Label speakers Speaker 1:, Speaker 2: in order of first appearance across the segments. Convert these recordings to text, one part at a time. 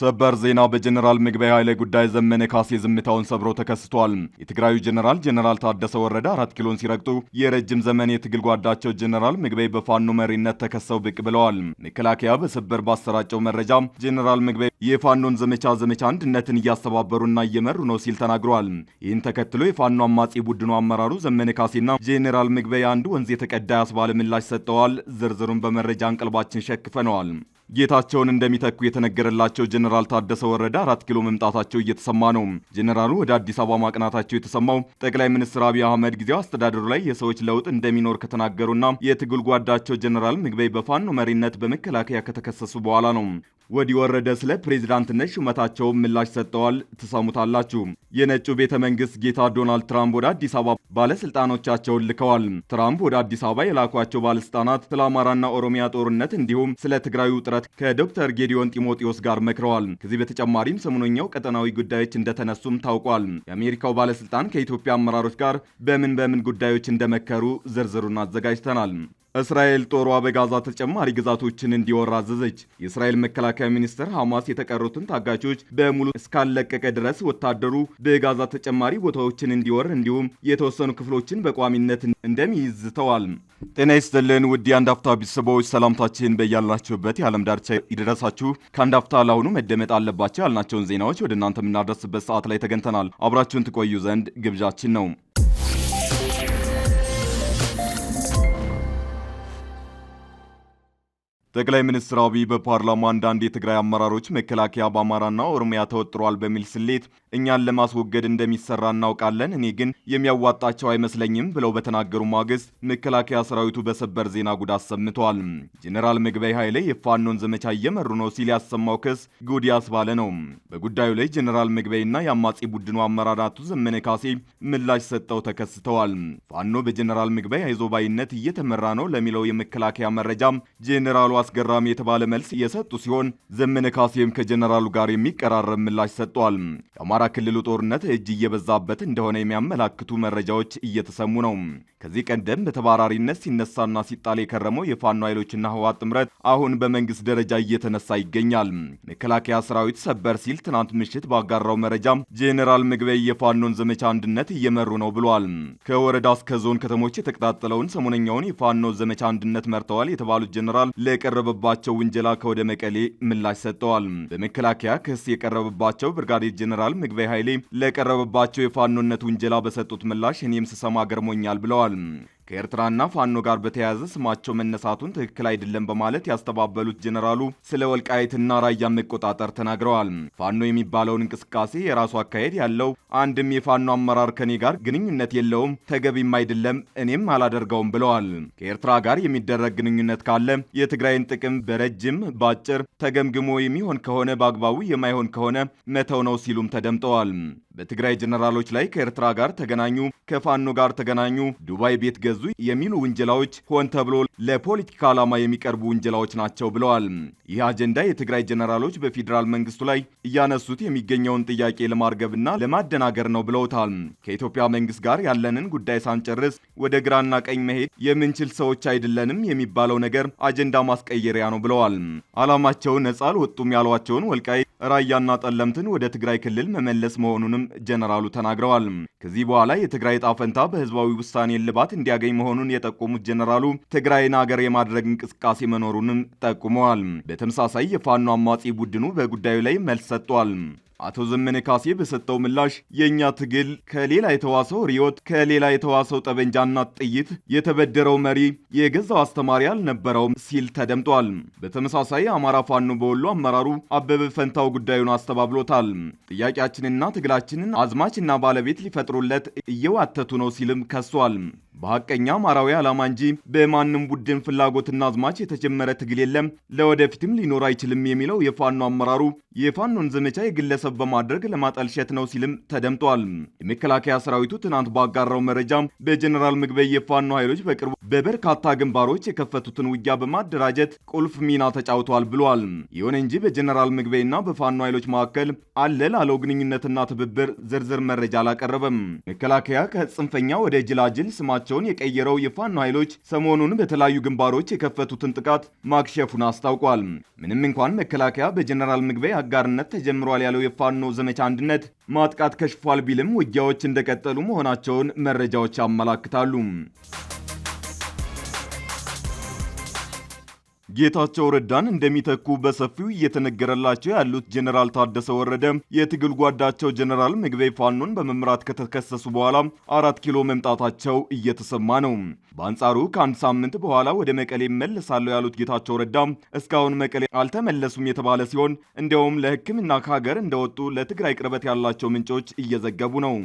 Speaker 1: ሰበር ዜና በጀኔራል ምግበይ ኃይለ ጉዳይ ዘመነ ካሴ ዝምታውን ሰብሮ ተከስቷል። የትግራዩ ጀኔራል ጀኔራል ታደሰ ወረደ አራት ኪሎን ሲረግጡ የረጅም ዘመን የትግል ጓዳቸው ጀኔራል ምግበይ በፋኖ መሪነት ተከሰው ብቅ ብለዋል። መከላከያ በሰበር ባሰራጨው መረጃ ጀኔራል ምግበይ የፋኖን ዘመቻ ዘመቻ አንድነትን እያስተባበሩና እየመሩ ነው ሲል ተናግሯል። ይህን ተከትሎ የፋኖ አማጺ ቡድኑ አመራሩ ዘመነ ካሴና ጀኔራል ምግበይ አንዱ ወንዝ የተቀዳ ያስባለ ምላሽ ሰጥተዋል። ዝርዝሩን በመረጃ እንቅልባችን ሸክፈነዋል። ጌታቸውን እንደሚተኩ የተነገረላቸው ጀኔራል ታደሰ ወረደ አራት ኪሎ መምጣታቸው እየተሰማ ነው። ጀኔራሉ ወደ አዲስ አበባ ማቅናታቸው የተሰማው ጠቅላይ ሚኒስትር አብይ አህመድ ጊዜው አስተዳደሩ ላይ የሰዎች ለውጥ እንደሚኖር ከተናገሩና የትግል ጓዳቸው ጀኔራል ምግበይ በፋኖ መሪነት በመከላከያ ከተከሰሱ በኋላ ነው። ወዲህ ወረደ ስለ ፕሬዚዳንትነት ሹመታቸው ምላሽ ሰጥተዋል። ትሰሙታላችሁ። የነጩ ቤተ መንግስት ጌታ ዶናልድ ትራምፕ ወደ አዲስ አበባ ባለስልጣኖቻቸውን ልከዋል። ትራምፕ ወደ አዲስ አበባ የላኳቸው ባለስልጣናት ስለ አማራና ኦሮሚያ ጦርነት እንዲሁም ስለ ትግራዩ ውጥረት ከዶክተር ጌዲዮን ጢሞቴዎስ ጋር መክረዋል። ከዚህ በተጨማሪም ሰሞነኛው ቀጠናዊ ጉዳዮች እንደተነሱም ታውቋል። የአሜሪካው ባለስልጣን ከኢትዮጵያ አመራሮች ጋር በምን በምን ጉዳዮች እንደመከሩ ዝርዝሩን አዘጋጅተናል። እስራኤል ጦሯ በጋዛ ተጨማሪ ግዛቶችን እንዲወራ አዘዘች። የእስራኤል መከላከያ ሚኒስትር ሐማስ የተቀሩትን ታጋቾች በሙሉ እስካለቀቀ ድረስ ወታደሩ በጋዛ ተጨማሪ ቦታዎችን እንዲወር እንዲሁም የተወሰኑ ክፍሎችን በቋሚነት እንደሚይዝተዋል። ዝተዋል። ጤና ይስጥልን ውድ የአንድ አፍታ ቤተሰቦች ሰላምታችን በያላችሁበት የዓለም ዳርቻ ይድረሳችሁ። ከአንድ አፍታ ለአሁኑ መደመጥ አለባቸው ያልናቸውን ዜናዎች ወደ እናንተ የምናደርስበት ሰዓት ላይ ተገኝተናል። አብራችሁን ትቆዩ ዘንድ ግብዣችን ነው። ጠቅላይ ሚኒስትር አብይ በፓርላማ አንዳንድ የትግራይ አመራሮች መከላከያ በአማራና ኦሮሚያ ተወጥሯል በሚል ስሌት እኛን ለማስወገድ እንደሚሰራ እናውቃለን፣ እኔ ግን የሚያዋጣቸው አይመስለኝም ብለው በተናገሩ ማግስት መከላከያ ሰራዊቱ በሰበር ዜና ጉድ አሰምተዋል። ጀኔራል ምግበይ ኃይሌ የፋኖን ዘመቻ እየመሩ ነው ሲል ያሰማው ክስ ጉድ ያስባለ ነው። በጉዳዩ ላይ ጀኔራል ምግበይና የአማጺ ቡድኑ አመራራቱ ዘመነ ካሴ ምላሽ ሰጠው ተከስተዋል። ፋኖ በጀኔራል ምግበይ አይዞባይነት እየተመራ ነው ለሚለው የመከላከያ መረጃ ጀኔራሉ አስገራሚ የተባለ መልስ እየሰጡ ሲሆን ዘመነ ካሴም ከጀኔራሉ ጋር የሚቀራረብ ምላሽ ሰጥቷል። የአማራ ክልሉ ጦርነት እጅ እየበዛበት እንደሆነ የሚያመላክቱ መረጃዎች እየተሰሙ ነው። ከዚህ ቀደም በተባራሪነት ሲነሳና ሲጣል የከረመው የፋኖ ኃይሎችና ህወሓት ጥምረት አሁን በመንግስት ደረጃ እየተነሳ ይገኛል። መከላከያ ሰራዊት ሰበር ሲል ትናንት ምሽት ባጋራው መረጃ ጄኔራል ምግበይ የፋኖን ዘመቻ አንድነት እየመሩ ነው ብሏል። ከወረዳ እስከ ዞን ከተሞች የተቀጣጠለውን ሰሞነኛውን የፋኖ ዘመቻ አንድነት መርተዋል የተባሉት ጄኔራል ለቀረበባቸው ውንጀላ ከወደ መቀሌ ምላሽ ሰጥተዋል። በመከላከያ ክስ የቀረበባቸው ብርጋዴር ጄኔራል ምግበ ምግበይ ኃይሌ ለቀረበባቸው የፋኖነት ውንጀላ በሰጡት ምላሽ እኔም ስሰማ ገርሞኛል ብለዋል። ከኤርትራና ፋኖ ጋር በተያያዘ ስማቸው መነሳቱን ትክክል አይደለም በማለት ያስተባበሉት ጀኔራሉ ስለ ወልቃይትና ራያ መቆጣጠር ተናግረዋል። ፋኖ የሚባለውን እንቅስቃሴ የራሱ አካሄድ ያለው አንድም የፋኖ አመራር ከኔ ጋር ግንኙነት የለውም፣ ተገቢም አይደለም፣ እኔም አላደርገውም ብለዋል። ከኤርትራ ጋር የሚደረግ ግንኙነት ካለ የትግራይን ጥቅም በረጅም በአጭር ተገምግሞ የሚሆን ከሆነ በአግባቡ የማይሆን ከሆነ መተው ነው ሲሉም ተደምጠዋል። በትግራይ ጀነራሎች ላይ ከኤርትራ ጋር ተገናኙ፣ ከፋኖ ጋር ተገናኙ፣ ዱባይ ቤት ገዙ የሚሉ ውንጀላዎች ሆን ተብሎ ለፖለቲካ ዓላማ የሚቀርቡ ውንጀላዎች ናቸው ብለዋል። ይህ አጀንዳ የትግራይ ጀነራሎች በፌዴራል መንግስቱ ላይ እያነሱት የሚገኘውን ጥያቄ ለማርገብና ለማደናገር ነው ብለውታል። ከኢትዮጵያ መንግስት ጋር ያለንን ጉዳይ ሳንጨርስ ወደ ግራና ቀኝ መሄድ የምንችል ሰዎች አይደለንም የሚባለው ነገር አጀንዳ ማስቀየሪያ ነው ብለዋል። ዓላማቸው ነጻ አልወጡም ያሏቸውን ወልቃይ ራያና ጠለምትን ወደ ትግራይ ክልል መመለስ መሆኑንም ጀነራሉ ተናግረዋል። ከዚህ በኋላ የትግራይ ዕጣ ፈንታ በህዝባዊ ውሳኔ እልባት እንዲያገኝ መሆኑን የጠቆሙት ጀነራሉ ትግራይን አገር የማድረግ እንቅስቃሴ መኖሩንም ጠቁመዋል። በተመሳሳይ የፋኖ አማጺ ቡድኑ በጉዳዩ ላይ መልስ ሰጥቷል። አቶ ዘመነ ካሴ በሰጠው ምላሽ የእኛ ትግል ከሌላ የተዋሰው ሪዮት፣ ከሌላ የተዋሰው ጠበንጃና ጥይት የተበደረው መሪ የገዛው አስተማሪ አልነበረውም ሲል ተደምጧል። በተመሳሳይ አማራ ፋኖ በወሎ አመራሩ አበበ ፈንታው ጉዳዩን አስተባብሎታል። ጥያቄያችንና ትግላችንን አዝማችና ባለቤት ሊፈጥሩለት እየዋተቱ ነው ሲልም ከሷል። በሀቀኛ አማራዊ ዓላማ እንጂ በማንም ቡድን ፍላጎትና አዝማች የተጀመረ ትግል የለም፣ ለወደፊትም ሊኖር አይችልም የሚለው የፋኖ አመራሩ የፋኖን ዘመቻ የግለሰብ በማድረግ ለማጠልሸት ነው ሲልም ተደምጧል። የመከላከያ ሰራዊቱ ትናንት ባጋራው መረጃ በጀኔራል ምግበይ የፋኖ ኃይሎች በቅርቡ በበርካታ ግንባሮች የከፈቱትን ውጊያ በማደራጀት ቁልፍ ሚና ተጫውተዋል ብሏል። ይሁን እንጂ በጀኔራል ምግበይና በፋኖ ኃይሎች መካከል አለ ላለው ግንኙነትና ትብብር ዝርዝር መረጃ አላቀረበም። መከላከያ ከጽንፈኛ ወደ ጅላጅል ስማቸው አቅጣጫቸውን የቀየረው የፋኖ ኃይሎች ሰሞኑን በተለያዩ ግንባሮች የከፈቱትን ጥቃት ማክሸፉን አስታውቋል። ምንም እንኳን መከላከያ በጀነራል ምግበይ አጋርነት ተጀምሯል ያለው የፋኖ ዘመቻ አንድነት ማጥቃት ከሽፏል ቢልም ውጊያዎች እንደቀጠሉ መሆናቸውን መረጃዎች ያመላክታሉ። ጌታቸው ረዳን እንደሚተኩ በሰፊው እየተነገረላቸው ያሉት ጀኔራል ታደሰ ወረደ የትግል ጓዳቸው ጀኔራል ምግበይ ፋኖን በመምራት ከተከሰሱ በኋላ አራት ኪሎ መምጣታቸው እየተሰማ ነው። በአንጻሩ ከአንድ ሳምንት በኋላ ወደ መቀሌ መለሳለሁ ያሉት ጌታቸው ረዳ እስካሁን መቀሌ አልተመለሱም የተባለ ሲሆን እንዲያውም ለሕክምና ከሀገር እንደወጡ ለትግራይ ቅርበት ያላቸው ምንጮች እየዘገቡ ነው።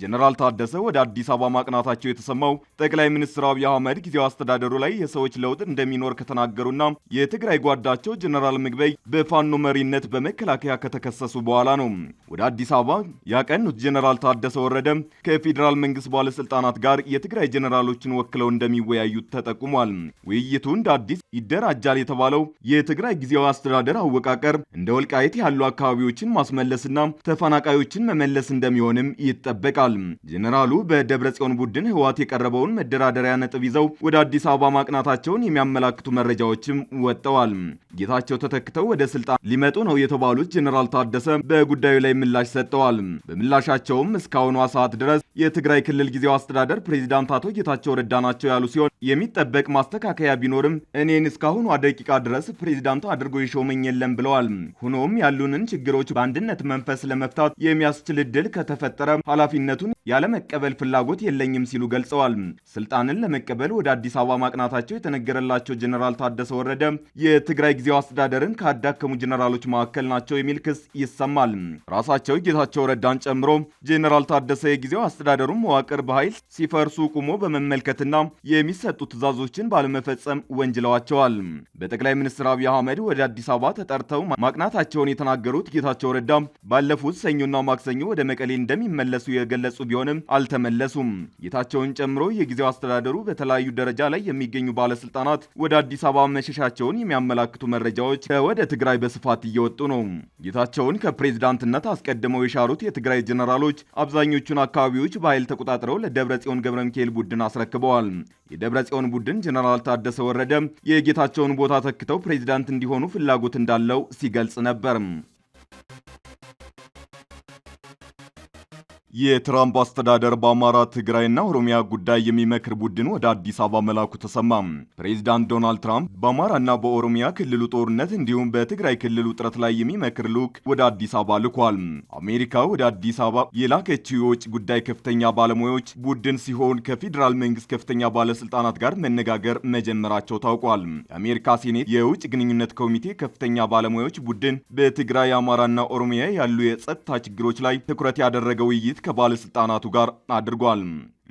Speaker 1: ጀነራል ታደሰ ወደ አዲስ አበባ ማቅናታቸው የተሰማው ጠቅላይ ሚኒስትር አብይ አህመድ ጊዜው አስተዳደሩ ላይ የሰዎች ለውጥ እንደሚኖር ከተናገሩና የትግራይ ጓዳቸው ጀነራል ምግበይ በፋኖ መሪነት በመከላከያ ከተከሰሱ በኋላ ነው። ወደ አዲስ አበባ ያቀኑት ጀነራል ታደሰ ወረደ ከፌዴራል መንግስት ባለስልጣናት ጋር የትግራይ ጀነራሎችን ወክለው እንደሚወያዩት ተጠቁሟል። ውይይቱ እንደ አዲስ ይደራጃል የተባለው የትግራይ ጊዜያዊ አስተዳደር አወቃቀር እንደ ወልቃይት ያሉ አካባቢዎችን ማስመለስና ተፈናቃዮችን መመለስ እንደሚሆንም ይጠበቃል። ጄኔራሉ በደብረ ጽዮን ቡድን ህወሓት የቀረበውን መደራደሪያ ነጥብ ይዘው ወደ አዲስ አበባ ማቅናታቸውን የሚያመላክቱ መረጃዎችም ወጥተዋል። ጌታቸው ተተክተው ወደ ስልጣን ሊመጡ ነው የተባሉት ጄኔራል ታደሰ በጉዳዩ ላይ ምላሽ ሰጥተዋል። በምላሻቸውም እስካሁኗ ሰዓት ድረስ የትግራይ ክልል ጊዜያዊ አስተዳደር ፕሬዚዳንት አቶ ጌታቸው ረዳ ናቸው ናቸው ያሉ ሲሆን የሚጠበቅ ማስተካከያ ቢኖርም እኔን እስካሁኗ ደቂቃ ድረስ ፕሬዚዳንቱ አድርጎ የሾመኝ የለም ብለዋል። ሆኖም ያሉንን ችግሮች በአንድነት መንፈስ ለመፍታት የሚያስችል እድል ከተፈጠረ ኃላፊነቱን ያለመቀበል ፍላጎት የለኝም ሲሉ ገልጸዋል። ስልጣንን ለመቀበል ወደ አዲስ አበባ ማቅናታቸው የተነገረላቸው ጀኔራል ታደሰ ወረደ የትግራይ ጊዜያዊ አስተዳደርን ካዳከሙ ጀኔራሎች መካከል ናቸው የሚል ክስ ይሰማል። ራሳቸው ጌታቸው ረዳን ጨምሮ ጀኔራል ታደሰ የጊዜው አስተዳደሩን መዋቅር በኃይል ሲፈርሱ ቁሞ በመመልከትና የሚሰጡ ትዛዞችን ባለመፈጸም ወንጅለዋቸዋል። በጠቅላይ ሚኒስትር አብይ አህመድ ወደ አዲስ አበባ ተጠርተው ማቅናታቸውን የተናገሩት ጌታቸው ረዳ ባለፉት ሰኞና ማክሰኞ ወደ መቀሌ እንደሚመለሱ የገለጹ ቢሆንም አልተመለሱም። ጌታቸውን ጨምሮ የጊዜው አስተዳደሩ በተለያዩ ደረጃ ላይ የሚገኙ ባለስልጣናት ወደ አዲስ አበባ መሸሻቸውን የሚያመላክቱ መረጃዎች ከወደ ትግራይ በስፋት እየወጡ ነው። ጌታቸውን ከፕሬዝዳንትነት አስቀድመው የሻሩት የትግራይ ጀኔራሎች አብዛኞቹን አካባቢዎች በኃይል ተቆጣጥረው ለደብረ ጽዮን ገብረ ሚካኤል ቡድን አስረክበዋል። የደብረ ጽዮን ቡድን ጀነራል ታደሰ ወረደ የጌታቸውን ቦታ ተክተው ፕሬዚዳንት እንዲሆኑ ፍላጎት እንዳለው ሲገልጽ ነበር። የትራምፕ አስተዳደር በአማራ ትግራይና ኦሮሚያ ጉዳይ የሚመክር ቡድን ወደ አዲስ አበባ መላኩ ተሰማ። ፕሬዚዳንት ዶናልድ ትራምፕ በአማራና በኦሮሚያ ክልሉ ጦርነት እንዲሁም በትግራይ ክልል ውጥረት ላይ የሚመክር ልዑክ ወደ አዲስ አበባ ልኳል። አሜሪካ ወደ አዲስ አበባ የላከችው የውጭ ጉዳይ ከፍተኛ ባለሙያዎች ቡድን ሲሆን ከፌዴራል መንግስት ከፍተኛ ባለስልጣናት ጋር መነጋገር መጀመራቸው ታውቋል። የአሜሪካ ሴኔት የውጭ ግንኙነት ኮሚቴ ከፍተኛ ባለሙያዎች ቡድን በትግራይ አማራና ኦሮሚያ ያሉ የጸጥታ ችግሮች ላይ ትኩረት ያደረገ ውይይት ከባለስልጣናቱ ጋር አድርጓል።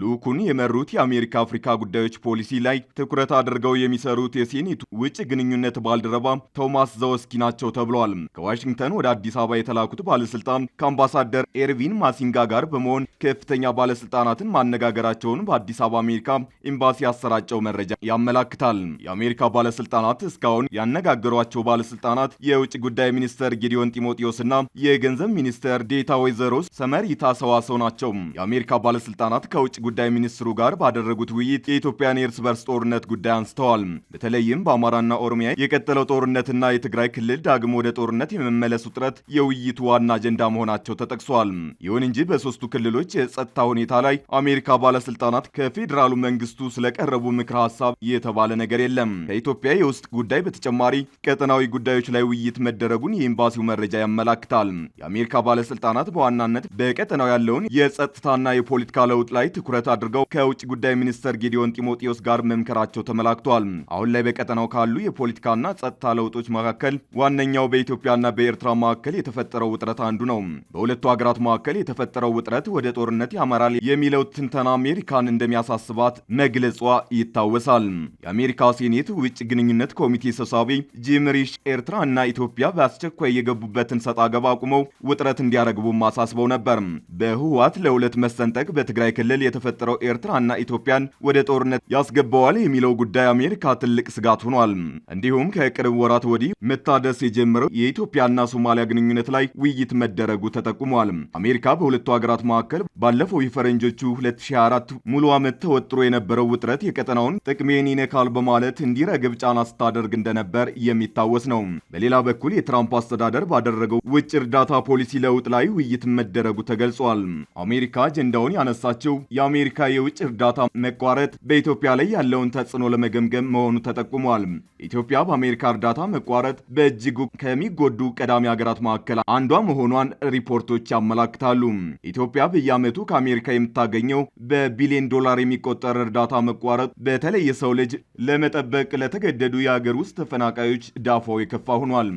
Speaker 1: ልዑኩን የመሩት የአሜሪካ አፍሪካ ጉዳዮች ፖሊሲ ላይ ትኩረት አድርገው የሚሰሩት የሴኔቱ ውጭ ግንኙነት ባልደረባ ቶማስ ዘወስኪ ናቸው ተብለዋል። ከዋሽንግተን ወደ አዲስ አበባ የተላኩት ባለስልጣን ከአምባሳደር ኤርቪን ማሲንጋ ጋር በመሆን ከፍተኛ ባለስልጣናትን ማነጋገራቸውን በአዲስ አበባ አሜሪካ ኤምባሲ ያሰራጨው መረጃ ያመላክታል። የአሜሪካ ባለስልጣናት እስካሁን ያነጋገሯቸው ባለስልጣናት የውጭ ጉዳይ ሚኒስትር ጌዲዮን ጢሞቴዎስና የገንዘብ ሚኒስትር ዴታ ወይዘሮ ሰመሪታ ሰዋሰው ናቸው። የአሜሪካ ባለስልጣናት ከውጭ ጉዳይ ሚኒስትሩ ጋር ባደረጉት ውይይት የኢትዮጵያን የእርስ በርስ ጦርነት ጉዳይ አንስተዋል። በተለይም በአማራና ኦሮሚያ የቀጠለው ጦርነትና የትግራይ ክልል ዳግም ወደ ጦርነት የመመለስ ውጥረት የውይይቱ ዋና አጀንዳ መሆናቸው ተጠቅሷል። ይሁን እንጂ በሶስቱ ክልሎች የጸጥታ ሁኔታ ላይ አሜሪካ ባለስልጣናት ከፌዴራሉ መንግስቱ ስለቀረቡ ምክረ ሀሳብ የተባለ ነገር የለም። ከኢትዮጵያ የውስጥ ጉዳይ በተጨማሪ ቀጠናዊ ጉዳዮች ላይ ውይይት መደረጉን የኤምባሲው መረጃ ያመላክታል። የአሜሪካ ባለስልጣናት በዋናነት በቀጠናው ያለውን የጸጥታና የፖለቲካ ለውጥ ላይ ትኩረት አድርገው ከውጭ ጉዳይ ሚኒስተር ጌዲዮን ጢሞቴዎስ ጋር መምከራቸው ተመላክቷል። አሁን ላይ በቀጠናው ካሉ የፖለቲካና ጸጥታ ለውጦች መካከል ዋነኛው በኢትዮጵያና በኤርትራ መካከል የተፈጠረው ውጥረት አንዱ ነው። በሁለቱ ሀገራት መካከል የተፈጠረው ውጥረት ወደ ጦርነት ያመራል የሚለው ትንተና አሜሪካን እንደሚያሳስባት መግለጿ ይታወሳል። የአሜሪካ ሴኔት ውጭ ግንኙነት ኮሚቴ ሰብሳቢ ጂም ሪሽ ኤርትራ እና ኢትዮጵያ በአስቸኳይ የገቡበትን ሰጥ አገባ አቁመው ውጥረት እንዲያረግቡም አሳስበው ነበር። በህወሓት ለሁለት መሰንጠቅ በትግራይ ክልል የተፈጠረው ኤርትራና ኢትዮጵያን ወደ ጦርነት ያስገባዋል የሚለው ጉዳይ አሜሪካ ትልቅ ስጋት ሆኗል። እንዲሁም ከቅርብ ወራት ወዲህ መታደስ የጀመረው የኢትዮጵያና ሶማሊያ ግንኙነት ላይ ውይይት መደረጉ ተጠቁሟል። አሜሪካ በሁለቱ ሀገራት መካከል ባለፈው የፈረንጆቹ 2024 ሙሉ ዓመት ተወጥሮ የነበረው ውጥረት የቀጠናውን ጥቅሜን ይነካል በማለት እንዲረግብ ጫና ስታደርግ እንደነበር የሚታወስ ነው። በሌላ በኩል የትራምፕ አስተዳደር ባደረገው ውጭ እርዳታ ፖሊሲ ለውጥ ላይ ውይይት መደረጉ ተገልጿል። አሜሪካ አጀንዳውን ያነሳቸው የአሜሪካ የውጭ እርዳታ መቋረጥ በኢትዮጵያ ላይ ያለውን ተጽዕኖ ለመገምገም መሆኑ ተጠቁሟል። ኢትዮጵያ በአሜሪካ እርዳታ መቋረጥ በእጅጉ ከሚጎዱ ቀዳሚ ሀገራት መካከል አንዷ መሆኗን ሪፖርቶች ያመላክታሉ። ኢትዮጵያ በየዓመቱ ከአሜሪካ የምታገኘው በቢሊዮን ዶላር የሚቆጠር እርዳታ መቋረጥ በተለይ የሰው ልጅ ለመጠበቅ ለተገደዱ የሀገር ውስጥ ተፈናቃዮች ዳፋው የከፋ ሆኗል።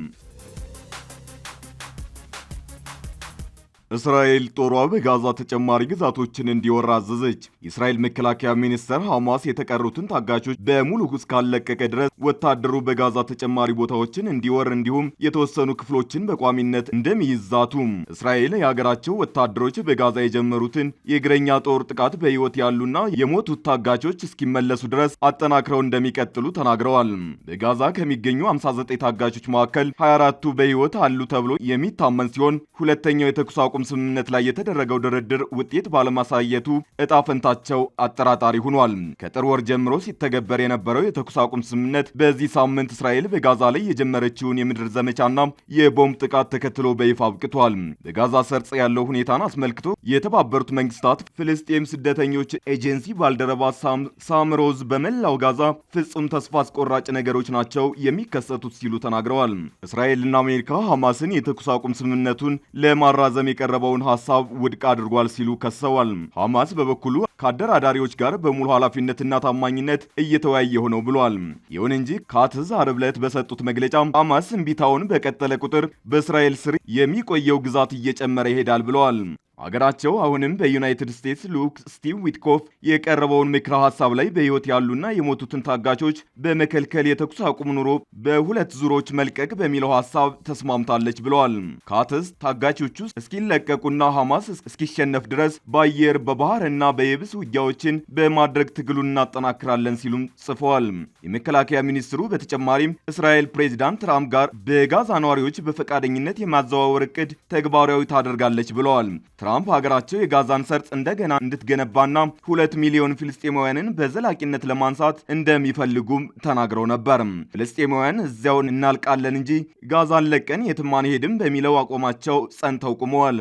Speaker 1: እስራኤል ጦሯ በጋዛ ተጨማሪ ግዛቶችን እንዲወር አዘዘች። የእስራኤል መከላከያ ሚኒስቴር ሐማስ የተቀሩትን ታጋቾች በሙሉ እስካለቀቀ ድረስ ወታደሩ በጋዛ ተጨማሪ ቦታዎችን እንዲወር እንዲሁም የተወሰኑ ክፍሎችን በቋሚነት እንደሚይዛቱ። እስራኤል የሀገራቸው ወታደሮች በጋዛ የጀመሩትን የእግረኛ ጦር ጥቃት በሕይወት ያሉና የሞቱት ታጋቾች እስኪመለሱ ድረስ አጠናክረው እንደሚቀጥሉ ተናግረዋል። በጋዛ ከሚገኙ 59 ታጋቾች መካከል 24ቱ በሕይወት አሉ ተብሎ የሚታመን ሲሆን ሁለተኛው የተኩስ አቁም የአቁም ስምምነት ላይ የተደረገው ድርድር ውጤት ባለማሳየቱ እጣ ፈንታቸው አጠራጣሪ ሆኗል። ከጥር ወር ጀምሮ ሲተገበር የነበረው የተኩስ አቁም ስምምነት በዚህ ሳምንት እስራኤል በጋዛ ላይ የጀመረችውን የምድር ዘመቻና የቦምብ ጥቃት ተከትሎ በይፋ አብቅቷል። በጋዛ ሰርጽ ያለው ሁኔታን አስመልክቶ የተባበሩት መንግስታት ፍልስጤም ስደተኞች ኤጀንሲ ባልደረባ ሳምሮዝ በመላው ጋዛ ፍጹም ተስፋ አስቆራጭ ነገሮች ናቸው የሚከሰቱት ሲሉ ተናግረዋል። እስራኤልና አሜሪካ ሐማስን የተኩስ አቁም ስምምነቱን ለማራዘም የቀረ የቀረበውን ሀሳብ ውድቅ አድርጓል ሲሉ ከሰዋል። ሐማስ በበኩሉ ከአደራዳሪዎች ጋር በሙሉ ኃላፊነትና ታማኝነት እየተወያየ ሆነው ብሏል። ይሁን እንጂ ካትዝ አርብ ዕለት በሰጡት መግለጫ ሐማስ እምቢታውን በቀጠለ ቁጥር በእስራኤል ስር የሚቆየው ግዛት እየጨመረ ይሄዳል ብለዋል። አገራቸው አሁንም በዩናይትድ ስቴትስ ልዑክ ስቲቭ ዊትኮፍ የቀረበውን ምክረ ሀሳብ ላይ በሕይወት ያሉና የሞቱትን ታጋቾች በመከልከል የተኩስ አቁም ኑሮ በሁለት ዙሮች መልቀቅ በሚለው ሀሳብ ተስማምታለች ብለዋል። ካትስ ታጋቾቹ እስኪለቀቁና ሐማስ እስኪሸነፍ ድረስ በአየር በባህር እና በየብስ ውጊያዎችን በማድረግ ትግሉን እናጠናክራለን ሲሉም ጽፈዋል። የመከላከያ ሚኒስትሩ በተጨማሪም እስራኤል ፕሬዚዳንት ትራምፕ ጋር በጋዛ ነዋሪዎች በፈቃደኝነት የማዘዋወር እቅድ ተግባራዊ ታደርጋለች ብለዋል። ትራምፕ ሀገራቸው የጋዛን ሰርጥ እንደገና እንድትገነባና ሁለት ሚሊዮን ፍልስጤማውያንን በዘላቂነት ለማንሳት እንደሚፈልጉም ተናግረው ነበር። ፍልስጤማውያን እዚያውን እናልቃለን እንጂ ጋዛን ለቀን የትም አንሄድም በሚለው አቋማቸው ጸንተው ቁመዋል።